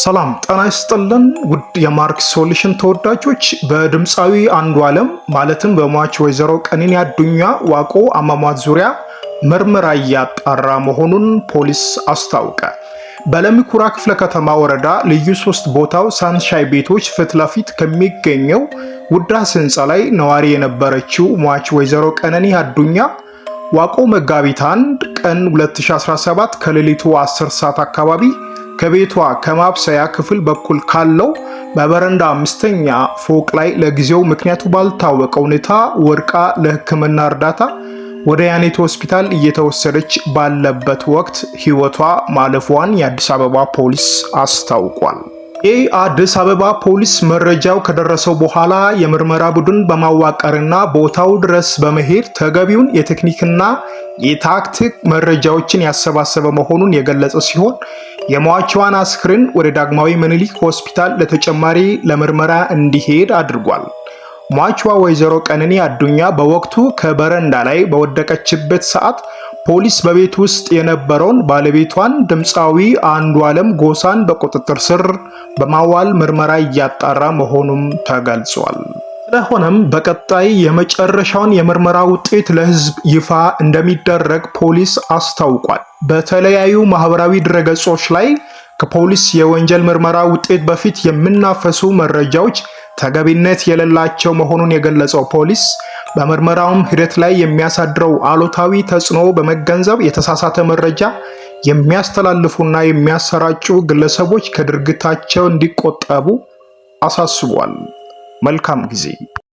ሰላም ጤና ይስጥልን ውድ የማርክ ሶሉሽን ተወዳጆች፣ በድምፃዊ አንዱ አለም ማለትም በሟች ወይዘሮ ቀነኒ አዱኛ ዋቆ አሟሟት ዙሪያ ምርመራ እያጣራ መሆኑን ፖሊስ አስታውቀ። በለሚ ኩራ ክፍለ ከተማ ወረዳ ልዩ ሶስት ቦታው ሳንሻይ ቤቶች ፊት ለፊት ከሚገኘው ውዳሴ ህንፃ ላይ ነዋሪ የነበረችው ሟች ወይዘሮ ቀነኒ አዱኛ ዋቆ መጋቢት 1 ቀን 2017 ከሌሊቱ 10 ሰዓት አካባቢ ከቤቷ ከማብሰያ ክፍል በኩል ካለው በበረንዳ አምስተኛ ፎቅ ላይ ለጊዜው ምክንያቱ ባልታወቀ ሁኔታ ወድቃ ለሕክምና እርዳታ ወደ ያኔት ሆስፒታል እየተወሰደች ባለበት ወቅት ህይወቷ ማለፏን የአዲስ አበባ ፖሊስ አስታውቋል። አዲስ አበባ ፖሊስ መረጃው ከደረሰው በኋላ የምርመራ ቡድን በማዋቀርና ቦታው ድረስ በመሄድ ተገቢውን የቴክኒክና የታክቲክ መረጃዎችን ያሰባሰበ መሆኑን የገለጸ ሲሆን የሟቿን አስክሬን ወደ ዳግማዊ ምኒልክ ሆስፒታል ለተጨማሪ ለምርመራ እንዲሄድ አድርጓል። ሟቿ ወይዘሮ ቀነኒ አዱኛ በወቅቱ ከበረንዳ ላይ በወደቀችበት ሰዓት ፖሊስ በቤት ውስጥ የነበረውን ባለቤቷን ድምፃዊ አንዱ ዓለም ጎሳን በቁጥጥር ስር በማዋል ምርመራ እያጣራ መሆኑም ተገልጿል። ስለሆነም በቀጣይ የመጨረሻውን የምርመራ ውጤት ለህዝብ ይፋ እንደሚደረግ ፖሊስ አስታውቋል። በተለያዩ ማህበራዊ ድረገጾች ላይ ከፖሊስ የወንጀል ምርመራ ውጤት በፊት የሚናፈሱ መረጃዎች ተገቢነት የሌላቸው መሆኑን የገለጸው ፖሊስ በምርመራውም ሂደት ላይ የሚያሳድረው አሉታዊ ተጽዕኖ በመገንዘብ የተሳሳተ መረጃ የሚያስተላልፉና የሚያሰራጩ ግለሰቦች ከድርጊታቸው እንዲቆጠቡ አሳስቧል። መልካም ጊዜ